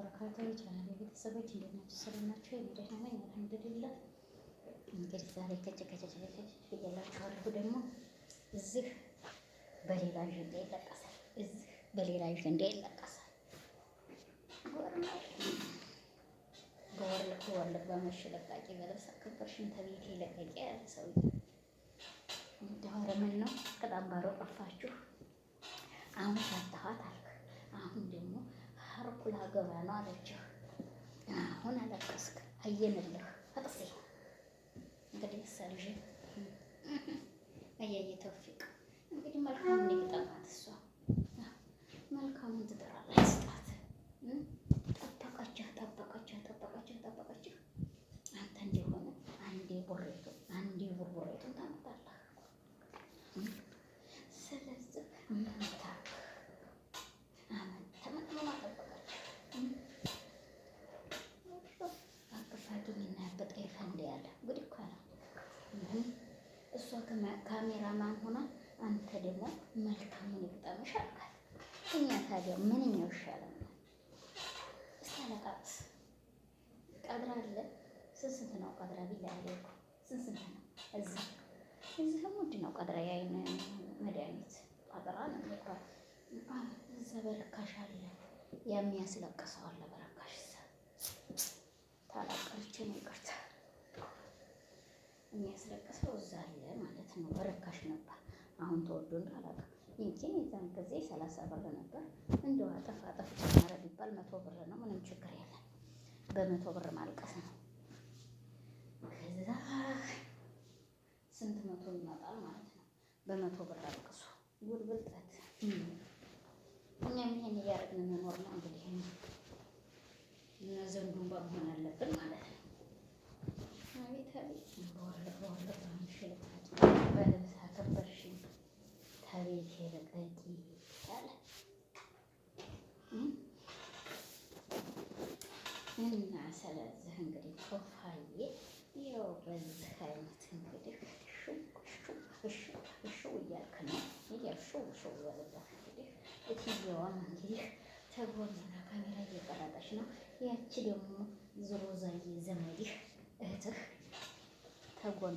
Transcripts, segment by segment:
ወበረካቱ ይቻላል። ቤተሰቦች እንዴት ናችሁ? ሰላም ናችሁ? የምደት ነመኝ አልሐምዱሊላህ። እንግዲህ ዛሬ ከጭ ከጨጨጨጨጭ እያላችኋለሁ። ደግሞ እዚህ በሌላ ዥንዳ ይለቀሳል፣ እዚህ በሌላ ዥንዳ ይለቀሳል። ጎርነው በወርልቅ በመሽ ለቃቂ በለብስ አከበርሽን ተቤቴ ለቀቂ ያለ ሰው እንደሆነ ምን ነው ጠፋችሁ አሁን ፈታኋት አልክ። አሁን ደግሞ አርቁላ ገባ ነው አለችህ። አሁን አለቀስክ፣ አየንልህ አጥሴ እንግዲህ ሰልጅ አያየ ተውፊቅ እንግዲህ መልካም ነው የሚጠፋት እሷ መልካሙን ትጥራ ላይ ስጣት። ጠበቀችህ ጠበቀችህ ጠበቀችህ ጠበቀችህ አንተ እንዲሆነ አንዴ ቦሬቶ ካሜራማን ሆና አንተ ደግሞ መልካሙን ይግጠምሽ አልካት። እኛ ታዲያ ምንኛው ይሻለናል? እስቲ አለቃቅስ ቀድራ አለ ስንት ነው ቀድራ ቢላ ያለኩ ስንት ስንት ነው እዚህ እዚህም ውድ ነው ቀድራ የአይን መድኃኒት ቀድራ ነው ይባል እዛ በረካሽ አለ የሚያስለቅሰው አለ በረካሽ ሳ ነው ይቅርታ የሚያስለቅ ማለት ነው። ርካሽ ነበር። አሁን ተወዶ እንደ አላውቅም። ይምኪን የዛን ጊዜ ሰላሳ ብር ነበር። እንደው አጠፍ አጠፍ ጨመረ ቢባል መቶ ብር ነው። ምንም ችግር የለም። በመቶ ብር ማልቀስ ነው። ከዛ ስንት መቶ ይመጣል ማለት ነው። በመቶ ብር አልቅሱ ጉልብልጠት። እኛም ይሄን እያደረግን መኖር ነው እንግዲህ ዘንዱን መሆን አለብን ማለት ነው። አቤት አቤት በወለቅ በወለቅ ነው በልብስ አከበርሽኝ ከቤቴ ልቀቂ አለ። እና ስለዚህ እንግዲህ ቶፋዬ ያው በዚህ አይነት እንግዲህ እሽው እያልክ ነው እያልሽው ሽው በለዛ እንግዲህ እትዬዋም እንግዲህ ተጎንና ካሜራ እየቀረጠች ነው። ያቺ ደግሞ ዞሮ ዘመድህ እህትህ ተጎን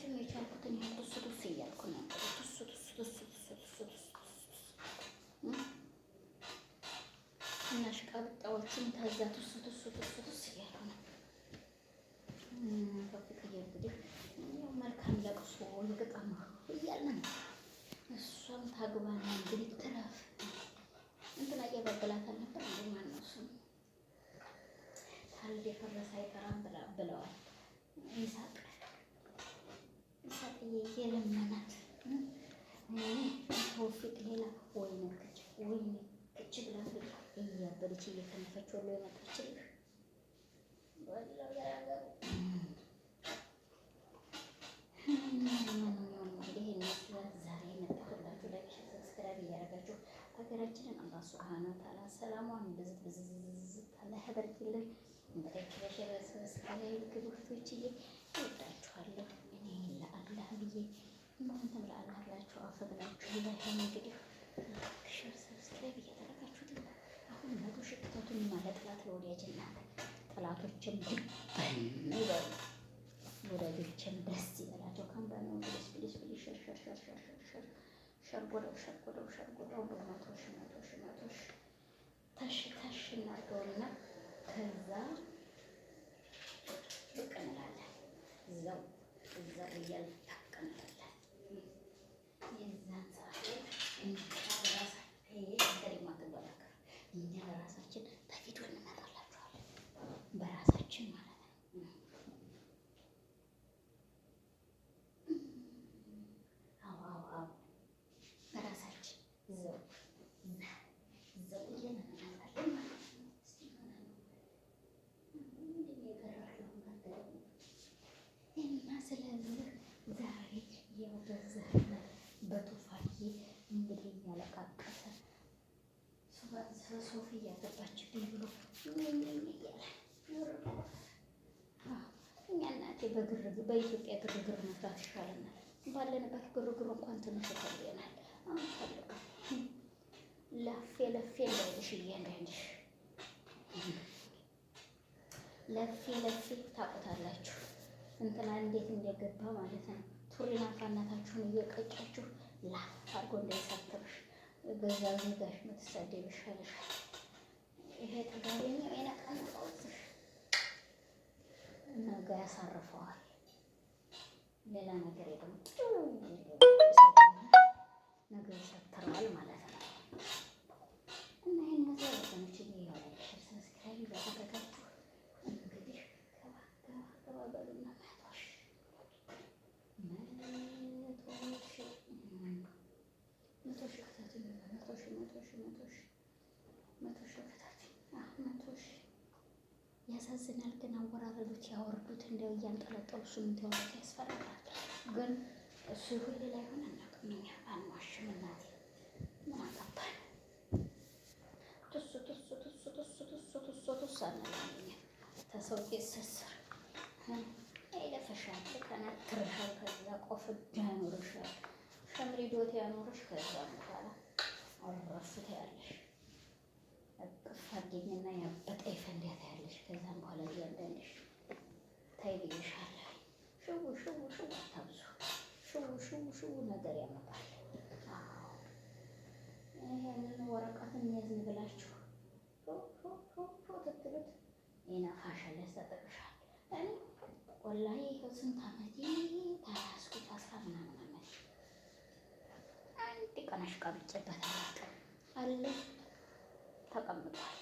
ሁላችንም የቻልኩትን ያህል ቱስ ቱስ እያልኩ ነበር። ቱስ ቱስ ቱስ ቱስ ቱስ ቱስ እና ሽቃብጣዎችም ተዛ ቱስ ቱስ ቱስ ቱስ እያሉ ነው። በፍቅር እንግዲህ መልካም ለቅሶ ይቅጠማ እያለ ነው። እሷም ታግባና እንግዲህ ትረፍ። እንትና እያባበላታል ነበር እንደ ማነው እሱም ታልድ የፈረሰ አይቀራም ብለዋል ይሳቅ የለመናት ተወፊቅ ሌላ ወይ ነች ወይ እች ብላት እያበለች እየከነፈች ወሎ የመጣችልህ ማንኛውም እንግዲህ እነሱ ዛሬ የመጣሁላችሁ ላይክ ሰብስክራይብ እያደረጋችሁ ሀገራችንን አላህ ሱብሃነ ወተዓላ ሰላሟን ብዝት ብዝት ያደርግልን። እንግዲህ በሸረ ሰብስክራይብ ግቡ እህቶችዬ፣ እወዳችኋለሁ እኔ ብዬ እናንተም ለአላህ ብላችሁ ይላል። እንግዲህ ሸር ሰብስክራይብ እያደረጋችሁት አሁን መቶ ይበሉ፣ ወዳጆችን ደስ ይበላቸው። ብልሽ ብልሽ ብልሽ ሸር ሸር ሸር ሸር ሸር ሸር ሸርጎደው ሸርጎደው ሸርጎደው በመቶ መቶ መቶ ከዛ በዘፈን በቱፋዬ እንግዲህ እያለቃቀሰ ሶፊ እያገባችብኝ ብሎ እኛ እናቴ በግርግ በኢትዮጵያ ግርግር መስራት ይሻለናል። ባለንበት ግርግር እንኳን ትንሽ ይፈልገናል። አንፈልግም። ለፌ ለፌ እንዳይልሽ እያንዳንድሽ ለፌ ለፌ ታውቁታላችሁ። እንትና እንዴት እንደገባ ማለት ነው እየቀጫችሁ ላፍ አድርጎ እንዳይሳትርሽ በዛ ዜጋሽ ምትሳደብ ይሻልሻል። ይሄ ጥጋበኛው የነቃን ቀውስሽ ነገ ያሳርፈዋል። ሌላ ነገር የለም፣ ነገ ያሳትረዋል ማለት ነው እና ይህን ነገር ወገኖች ይሆናል ሰብስክራይብ ያደረጋል ልጆች ያወርዱት እንደው እያንጠለጠሉ ስምንት ያወርዱት ያስፈራራል። ግን እሱ ሁሉ ላይ ሆነ እናቅምኛ አንዋሽም። እናቴ ምን አገባን? ትሱ ትሱ ትሱ ትሱ ትሱ ትሱ ትሱ ተሰው አይለፈሻል፣ ከዛ ቆፍዳ ያኖርሻል፣ ሸምሪዶት ያኖርሽ። ከዛ በኋላ አረፍት ያለሽ ያበጠ ከዛም በኋላ እያንዳንድሽ ታይ ብዬሻለሁ። ሽው ሽው ሽው አታብዙ። ሽው ሽው ሽው ነገር ያመጣል። ወረቀት የሚያዝን ብላችሁ ትትሉት ይነፋሻል፣ ያስታጠቅሻል። እኔ ወላሂ ስንት ዓመት ታያስኩት አስራ ምናምን አንድ ቀን አሽቃብጬበት አላውቅም። አለ ተቀምጧል።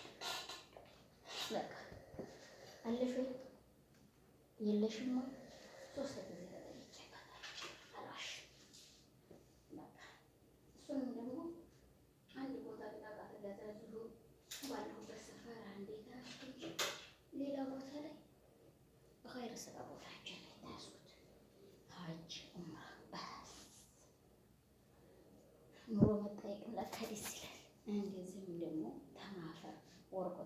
በቃ አለሽ ወይ የለሽማ ሶስት ጊዜ ደግሞ አንድ ቦታ ባለሁበት ሰፈር አንዴ ሌላ ቦታ ላይ ኸይር ስራ ቦታችን ላይ ሀጅ ኑሮ መጠየቅም ለካ ደስ ይላል። እንደዚህም ደግሞ ተማፈር ወርቆ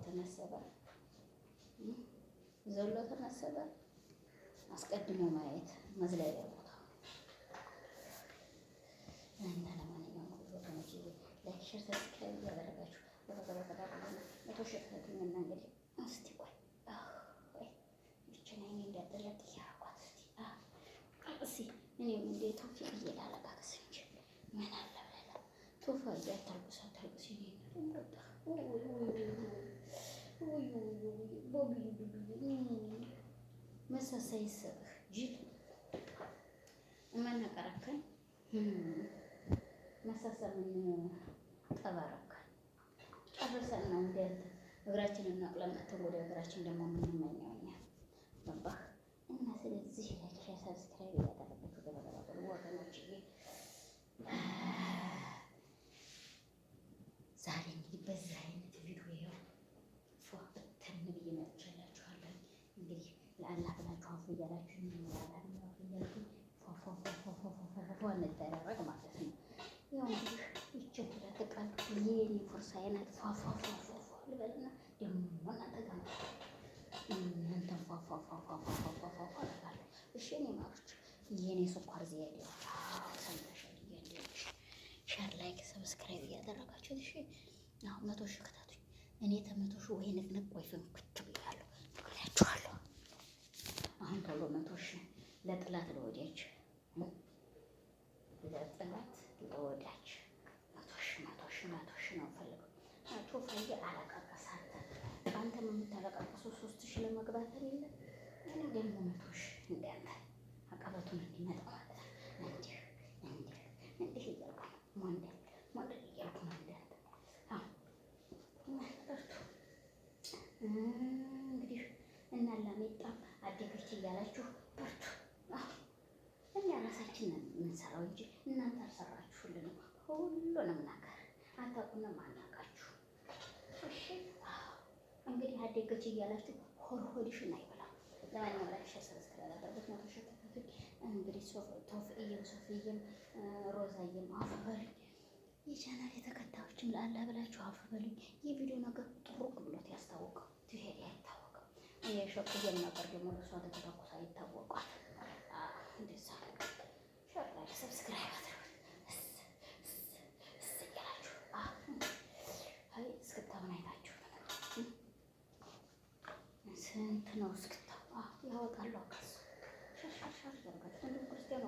ዘሎ አስቀድሞ ማየት መዝለያ ቦታው። እና ለማንኛውም ወገኖች ላይክ፣ ሰብስክራይብ እያደረጋችሁ መቶ እንግዲህ እስቲ ቆይ እስቲ እኔም እንደ ምን አለ ብለላ መሳሳይ ይሰጥህ ጅል እመናቀረከን መሳሰል ምን ጠባረከን ጨርሰን ነው እንዲያለ እግራችንን ነቅለን መጥተን ወደ እግራችን ደግሞ ምንመኘውኛል ገባህ እና ስለዚህ ላይክ ሰብስክራይብ ምሳዬን ፏፏፏፏ ልበልና ደግሞ እናንተ ጋር ፏፏፏፏፏፏፏፏ እሺ እኔ ማሮች ስኳር ሰምተሻል። ሸር፣ ላይክ፣ ሰብስክራይብ እሺ አሁን መቶ ሺህ እኔ ተመቶ ሺህ ወይ ንቅንቅ ወይ ፍንክች ብያለሁ። አሁን መቶ ሺህ ለጥላት ለወዲያች ለጥላት እንዲ አለቀቀሰ። አንተ አንተም የምታለቀቅሱ ሶስት ሺ ለመግባት የለ እኔ ደግሞ መቶ ሺ እንዳለ አቀበቱን እንዲመጣ ማለት እንዲህ እንዲህ እንዲህ እያልኩ ሞንደ ሞንደ እያልኩ ነው እንዳለ እንግዲህ እና ላሜጣም አደገች እያላችሁ በርቱ። እኛ ራሳችን ነን የምንሰራው እንጂ እናንተ አልሰራችሁልንም። ሁሉንም ነገር አታውቁንም፣ አናውቃችሁ እንግዲህ አደገች እያላችሁ ሆድሽን አይበላ። ለማንኛውም ላይ እንግዲህ ሶፍ ሶፍዬም ሶፍዬም ሮዛዬም አፍ በሉኝ፣ የቻናል የተከታዮችም ለአላ ብላችሁ አፍ በሉኝ። ቪዲዮ ነገር ጥሩቅ ብሎት ያስታወቀው ትሄድ አይታወቅም። የሸኩየም ነበር ደግሞ ለሷ ተተኮሳ ይታወቋል። እንደዛ ሰብስክራይብ ስንት ነው እስክታዋ ያወጣለሁ ከሱ ሸሻሻር ያርጋል። ክርስቲያን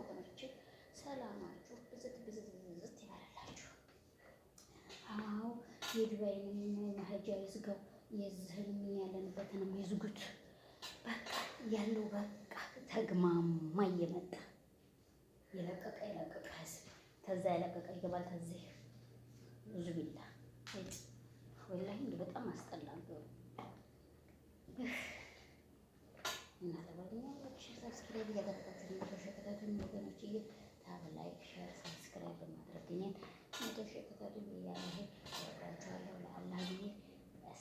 ሰላማችሁ ብዝት ብዝት ብዝት ይበላላችሁ። አዎ መሄጃ ይዝጋው፣ ያለንበትንም ይዝጉት። በቃ ያለው በቃ ተግማማ እየመጣ የለቀቀ የለቀቀ ህዝብ የለቀቀ ይገባል። ብዙ ቢላ ወላሂ በጣም እና ለጓደኛዎች ሰብስክራይብ እያደረጋችሁ ተሸከታቱን ወገኖች፣ ታብ ላይክ፣ ሸር፣ ሰብስክራይብ በማድረግ እኔን ተሸከታቱን እያለሁ ወዳችኋለሁ። ለአላህ ብዬ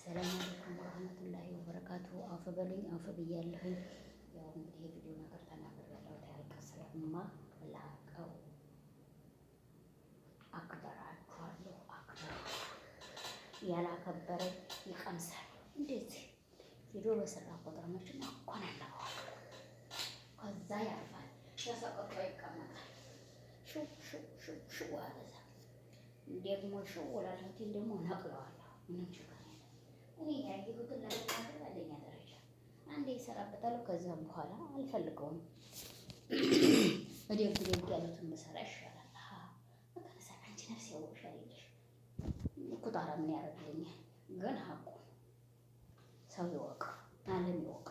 ሰላም አለይኩም ወረህመቱላሂ ወበረካቱ። አፍ በሉኝ፣ አፍ ብያለሁኝ። ያው እንግዲህ የቪዲዮ ነገር ተናግሬያለሁ። ታሪክ ስለማ ላቀው አክበራችኋለሁ። አክበራ ያላከበረ ይቀምሳል። ቪዲዮ በሰራ ቁጥር መቼም ከዛ ያርፋል፣ ተሰቅጦ ይቀመጣል። ሽው ሽው ሽው ሽው ደግሞ ሽው ወላጆቴን ደግሞ ነቅለዋለሁ። ምንም ችግር የለም። እኔ ያየሁትን ለመናገር አንደኛ ደረጃ አንዴ ይሰራበታለሁ። ከዛም በኋላ አልፈልገውም። እደግ ደግ ያሉትን ብሰራ ይሻላል። አንቺ ነፍስ ያወቅሻል። ኩታራ ምን ያደርግልኛል? ግን ሀቁ ሰው ይወቅ፣ ዓለም ይወቅ።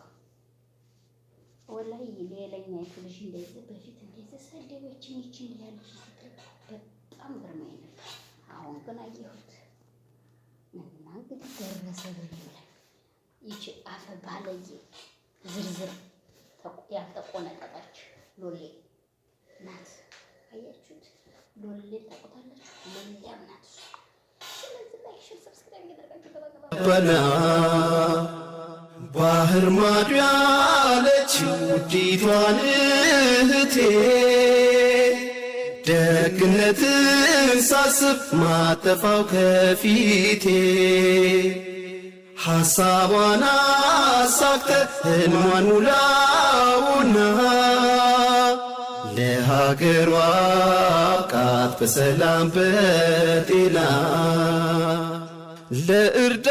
ወላሂ ሌላኛይቱ ልጅ እንደዚህ በፊት እንደዚህ ሰደበችኝ ይችን እያለች ስትል በጣም ግርማኝ ነበር። አሁን ግን አየሁት እና እንግዲህ ደረሰ ይች አፈ ባለዬ ዝርዝር ያልተቆነጠጠች ሎሌ ናት። አያችሁት? ሎሌ ታውቁታላችሁ? ሎሌ ናት። ባህር ማዶ ያለች ውዲቷን እህቴ ደግነትን ሳስብ ማጠፋው ከፊቴ ሐሳቧን አሳክተ ሕልሟን ሙላውና ለሀገሯ አብቃት በሰላም በጤና ለእርዳ